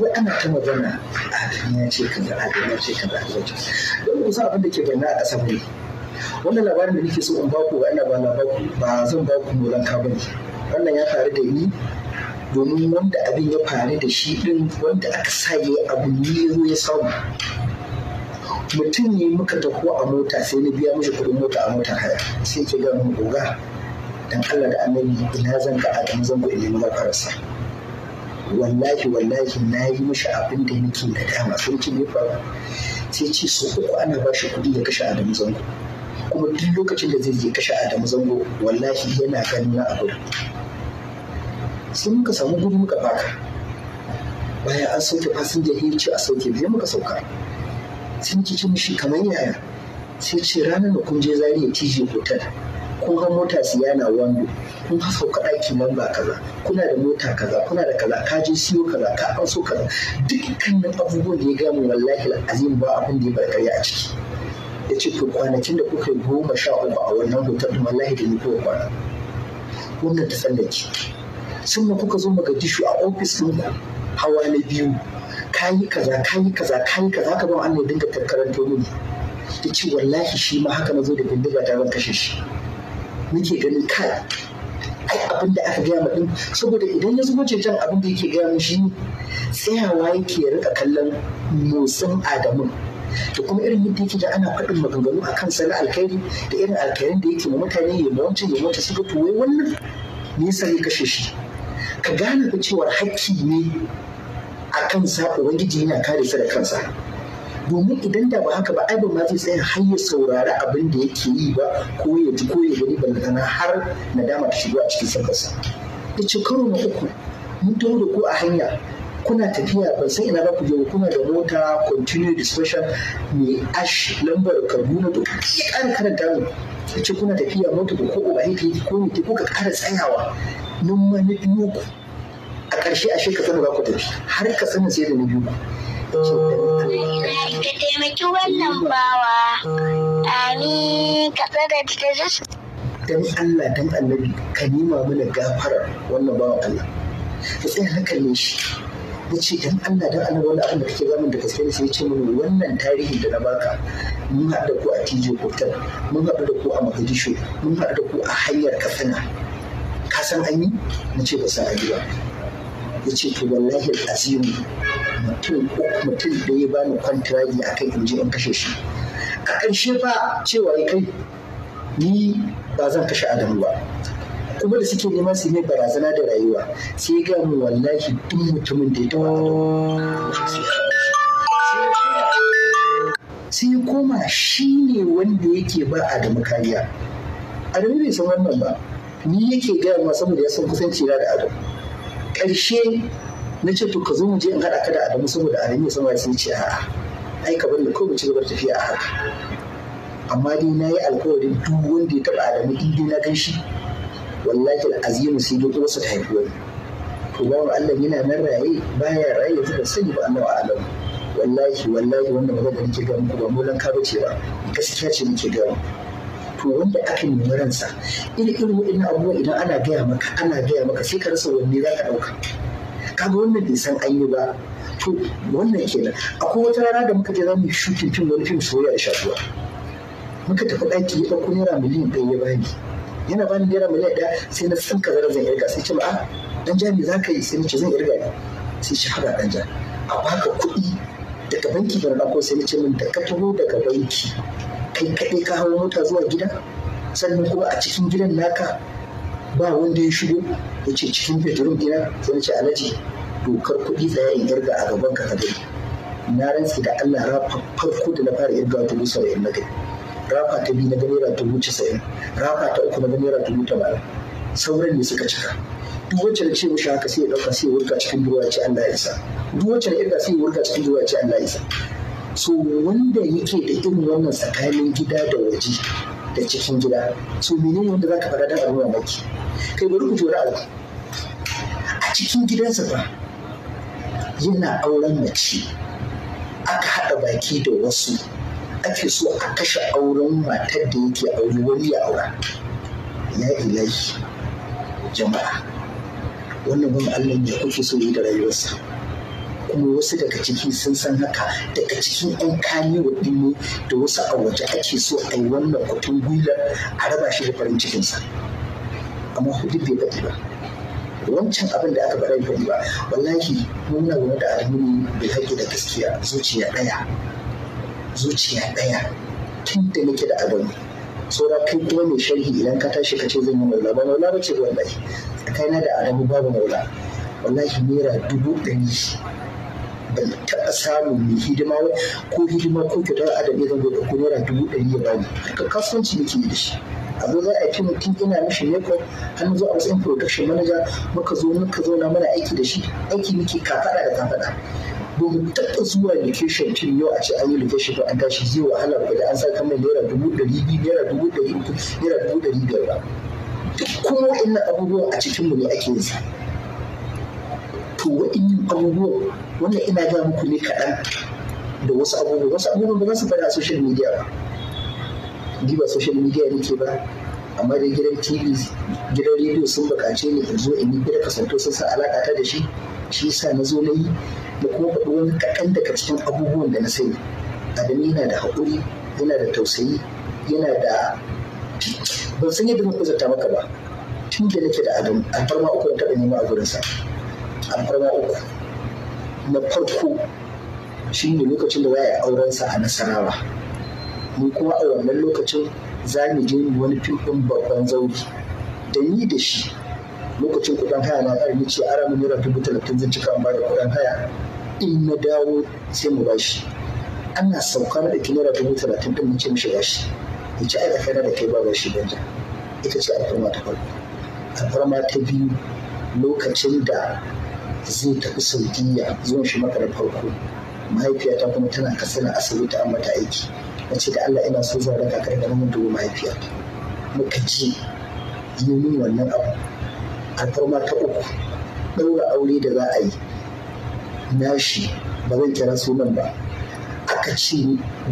wai ana ta magana adami ce ya ce don ku san abin da ke bayyana a Asabar ne wannan labarin da nake so in baku wa ina ba baku ba zan baku moran ka wannan ya faru da ni domin wanda abin ya faru da shi din wanda aka sa ya abu ni ya zo ya samu mutum ne muka taho a mota sai na biya mishi kuɗin mota a motar haya sai ke gano goga dan Allah da annabi ina zan ga Adam zan ga fara sa. wallahi wallahi na yi mishi abin da nake da dama sun ci ne fa sai ce su uku ana ba shi kuɗi ya kashe Adam zango kuma duk lokacin da zai je kashe Adamu zango wallahi yana ganin na abu sai muka samu gudu muka baka bayan an sauke fasinja ya ce a sauke biyu muka sauka sun ci mishi kamar yaya sai ce ranar da kun je ya tije hotel kun ga mota siya na wando kun ha sauka ɗaki nan ba kaza kuna da mota kaza kuna da kaza ka je siyo kaza ka an so kaza dukkanin abubuwan da ya gaya mu wallahi azim ba abin da ya barkarya a ciki ya ce to kwanakin da kuka yi goma sha uku a wannan hotel din wallahi da ni kwana wannan ta tsallake sannan kuka zo magadishu a ofis ɗin hawa na biyu kayi kaza kayi kaza kayi kaza ka ba an ya dinga karkaranto mini ya ce wallahi shi ma haka na zo da bindiga ta zan kashe shi nake ganin kai ai abin da aka gaya ma din saboda idan ya zubo can abin da yake gaya min shi tsayawa yake rika kallon motsin adamun da kuma irin yadda yake da ana faɗin maganganu a kan sana alkhairi da irin alkhairin da yake ma mutane ya ma wancan ya mata suka tuwai wannan nisa ya kashe shi ka gane da cewa hakki ne a kansa ubangiji yana kare sa da kansa domin idan da ba haka ba ai ba ma zai tsaya har ya saurari abin da yake yi ba ko ya ji ko ya gani ballantana har nadama ta shigo a cikin sarkarsa da ce karo na uku mun taho ko a hanya kuna tafiya ban san ina ba ku je kuna da mota continue discussion mai ash lambar kaduna to ya ƙara karanta mu ce kuna tafiya mota ko ko ba hita ko ne ko ka kara tsayawa nan ma na biyu ku a ƙarshe a shekaru ba ku tafi har ka sanin sai da na biyu ku ka taimaki wannan bawa ta dan Allah dan annabi ka nima mana gafara wannan bawan Allah ka tsaya hankalin shi ya ce dan Allah dan Allah wannan abin da kake zama da gaske ne sai ya ce mun wannan tarihin da na baka mun haɗu da ku a TJ Hotel mun haɗu da ku a Mogadishu mun haɗu da ku a hanyar Katsina ka san an yi na ce ba san an yi ba ya ce to wallahi azimu mutum da ya bani kwantiragi a kai in je in kashe shi a ƙarshe fa cewa ya kai ni ba zan kashe adamu ba kuma da suke neman su ne barazana da rayuwa sai ya wallahi duk mutumin da ya tawa sai koma shi ne wanda yake ba adamu kariya adamu bai san wannan ba ni yake gaya ma saboda ya san kusanci da adamu ƙarshe na ce to ka zo mu je in haɗa ka da Adamu saboda Adamu ya sama sai ce a'a ai ka bari ko mu ci gaba tafiya a haka amma dai na yi alkawarin duk wanda ya taɓa Adamu in dai na kai shi wallahi sai dai wasu ta haifi wani to wa Allah yana nan raye baya raye yanzu sani ba Allah alam wallahi wallahi wannan ba da nake ga muku ba molan ka bace ba gaskiya ce nake ga to wanda aka nemi ransa irin irin waɗannan abubuwa idan ana gaya maka ana gaya maka sai ka rasa wanne za ka ɗauka kaga wannan bai san an yi ba to wannan kenan akwai wata rana da muka je za mu yi fim wani fim soyayya da shafuwa muka tafi ɗaki ya ɗauko naira miliyan ɗaya ya bani yana bani naira miliyan ɗaya sai na san zarar zan irga sai ce ma a ah, dan jami za ka yi sai ce zan irga ne sai shi haɗa dan ja a baka kuɗi daga banki da na ɗauko sai ce min da ka taho daga banki kai kaɗai ka hawo mota zuwa gida sannan kuma a cikin gidan naka ba wanda ya shigo ya ce cikin bedroom ɗina sai nace alaji dokar kuɗi tsaya in irga a gaban ka gani na rantsi da Allah rafa farko da na fara irga dubu saba'in na gani rafa ta biyu na ga naira dubu casa'in rafa ta uku na ga naira dubu tamanin sauran ne suka cika duk wacce da ce mishi haka sai ya ɗauka sai ya wurga cikin duwa ya ce Allah ya isa duk wacce da irga sai ya wurga cikin duwa ya ce Allah ya isa so wanda yake da irin wannan tsakanin gida da waje da cikin gida so menene wanda ka faɗa don a maki kai bari ku ji wani a cikin gidansa fa yana auren mace aka haɗa baki da wasu ake so a kashe auren matar da yake aure wani ya aura ya ilahi jama'a wannan wani Allah ne kuke so yi da rayuwarsa kuma wasu daga ciki sun san haka daga cikin yan wa ɗin da wasu a waje ake so a yi wannan kwatun gwiwar a raba shi da farin cikinsa amma hudu bai faɗi ba wancan abin da aka faɗa faɗi ba wallahi muna game da alhuri bai haƙƙi da gaskiya zuciya ɗaya zuciya ɗaya tun da nake da adamu saura kai kuma mai sharhi idan ka tashi ka ce zan yi maula ba maula ba ce wallahi tsakanina da adamu babu maula wallahi naira dubu ɗari ban taɓa samu mai hidima ko hidima ko kyautar adam zan zango da ko naira dubu ɗari ya bani ka kasuwanci nake yi da shi za a fi tun ina mishi neko hannu zo a matsayin production manager muka zo muka zauna muna aiki da shi aiki muke kafaɗa da kafaɗa domin taɓa zuwa location tun yau a ce an yi location ba an tashi zai wahala ba da an sa kamar naira dubu ɗari biyu naira dubu ɗari uku naira dubu ɗari biyar ba duk kuma waɗannan abubuwan a cikin mu ne ake yin sa to waɗannan abubuwan wannan ina ga muku ne kaɗan da wasu abubuwa wasu abubuwan ba za su faɗa a social media ba giba ba social media nake ba amma dai gidan tv gidan rediyo sun bukace ni in zo in yi gida kasanto sun sa alaƙa ta da shi shi sa na zo na yi da kuma faɗi wani kaɗan daga cikin abubuwan da na sani adami yana da haƙuri yana da tausayi yana da ban san yadda muka zata maka ba tun da nake da adam alfarma uku na taɓa nema a gurinsa alfarma uku na farko shi ne lokacin da waya aurensa a nasarawa mu kuma a wannan lokacin za mu je mu wani fim babban zauri da ni da shi lokacin kuɗin haya na ƙarfi ce ara mu naira dubu talatin zan cika ba da kuɗin haya in na dawo sai mu bashi ana sauka na ɗauki naira dubu talatin ɗin mu ce mu shiga shi ci ce kai na da kai ba bashi banja. ita ce alfarma ta farko alfarma ta biyu lokacin da zai tafi saudiya zuwan shi maka da farko mahaifiyata kuma tana kasana asibiti an mata aiki na ce da Allah ina so zuwa da kakar da mun dubu mahaifiya muka ji yi min wannan abu alfarma ta uku ɗaura aure da za a yi nashi ba zan kira sunan ba aka ce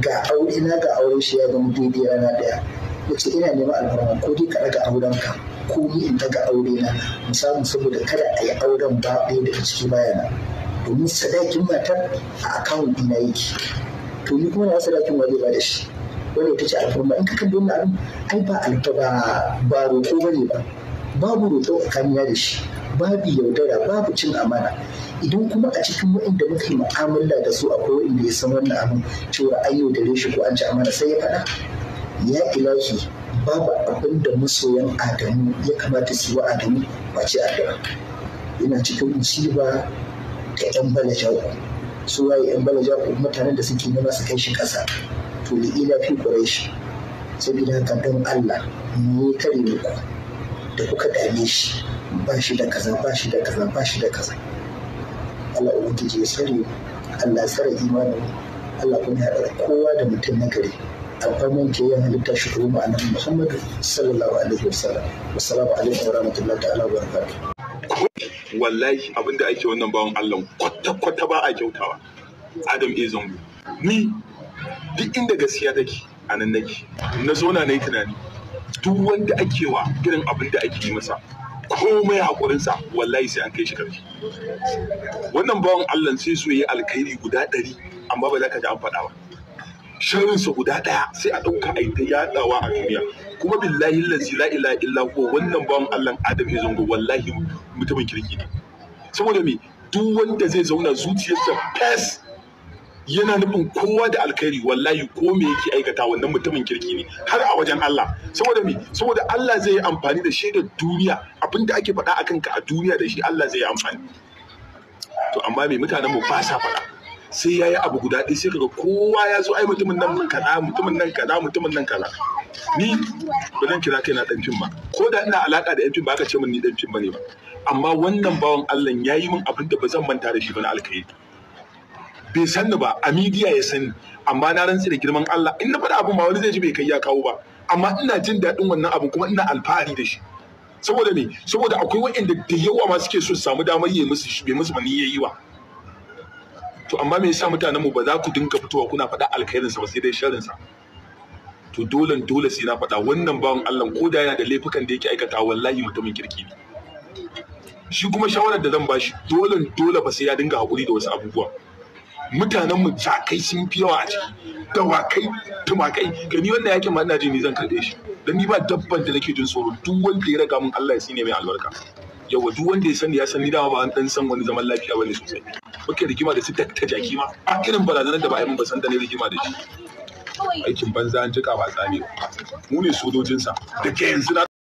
ga aure na ga auren shi ya zama daidai rana ɗaya yace ina neman alfarma ko dai ka ga auren ka ko ni in ga aure na mu saboda kada a yi auren ba ɗaya daga ciki bayana domin sadakin matar a akawun ɗina yake to ni kuma na sadakin wa zai ba da shi wani ta ce alfarma in ka kalli wannan abin ai ba alfa ba ba roƙo ba ne ba babu roƙo a kamiya da shi babu yaudara babu cin amana idan kuma a cikin waɗanda muka yi mu'amala da su akwai waɗanda ya san wannan abin cewa an yaudare shi ko an ci amana sai ya faɗa ya ilahi babu abin da masoyan adamu ya kamata su wa adamu ba ce addu'a yana cikin musiba ta ɗan bala jawo su waye yan balaja mutanen da suke nema su kai shi ƙasa to da ila fi quraish saboda haka don Allah ni kare ne ku da kuka dame shi ba shi da kaza ba shi da kaza ba shi da kaza Allah ubangiji ya sani Allah ya sare Allah kuma ya haɗa kowa da mutum na gari alfarman ke yin halitta shi kuma annabi Muhammadu sallallahu alaihi wasallam wassalamu alaikum rahmatullahi ta'ala wabarakatuh wallahi abinda ake wannan bawan Allah kwata-kwata ba a kyautawa Adam A. Zango ni duk inda gaskiya take a nan nake na zona na yi tunani duk wanda ake wa irin abin da ake yi masa komai haƙurinsa wallahi sai an kai shi ƙarshe wannan bawan Allah sai su yi alkhairi guda ɗari amma ba za ka ji an faɗa ba sharrinsa guda ɗaya sai a ɗauka a yi ta yaɗawa a duniya kuma billahi lazi la ila illa ko wannan bawan Allah Adam ya zango wallahi mutumin kirki ne saboda me duk wanda zai zauna zuciyarsa fes yana nufin kowa da alkhairi wallahi ko me yake aikata wannan mutumin kirki ne har a wajen Allah saboda me saboda Allah zai yi amfani da shaidar duniya abinda ake faɗa akan ka a duniya da shi Allah zai yi amfani to amma me mutanen mu ba sa faɗa sai ya yi abu guda ɗaya sai kaga kowa ya zo ai mutumin nan kaza mutumin nan kaza mutumin nan kaza ni ba zan kira kai na ɗan fim ba ko da ina alaƙa da ɗan fim ba aka ce min ni ɗan fim ne ba amma wannan bawan Allah ya yi min abin da ba zan manta da shi ba na alkhairi bai sanni ba a midiya ya sani amma na rantsi da girman Allah in na faɗa abin ba wani zai ji bai kai ya kawo ba amma ina jin daɗin wannan abin kuma ina alfahari da shi saboda me saboda akwai wa'inda da yawa ma suke so su samu damar yi musu bai musu ba ni yayi wa amma me yasa mutanen mu ba za ku dinga fitowa kuna faɗa alkhairin sa ba sai dai sharrin sa to dole dole sai na faɗa wannan bawan Allah ko da yana da laifukan da yake aikata wallahi mutumin kirki ne shi kuma shawarar da zan bashi dole dole ba sai ya dinga hakuri da wasu abubuwa mutanen mu kai sun fi yawa a ciki dawakai tumakai ga ni wanda yake ma ina ji ni zan karɓe shi dan ni ba dabban da nake jin tsoro duk wanda ya raga mun Allah ya sine mai albarka yawa duk wanda ya sani ya sani dama ba an dan san wani zaman lafiya bane sosai muke rigima da su ta jaki ma a irin barazanar da ba a yi mun ba san da ne rigima da shi aikin banza an jika ba tsani mu ne sojojinsa da ke yanzu na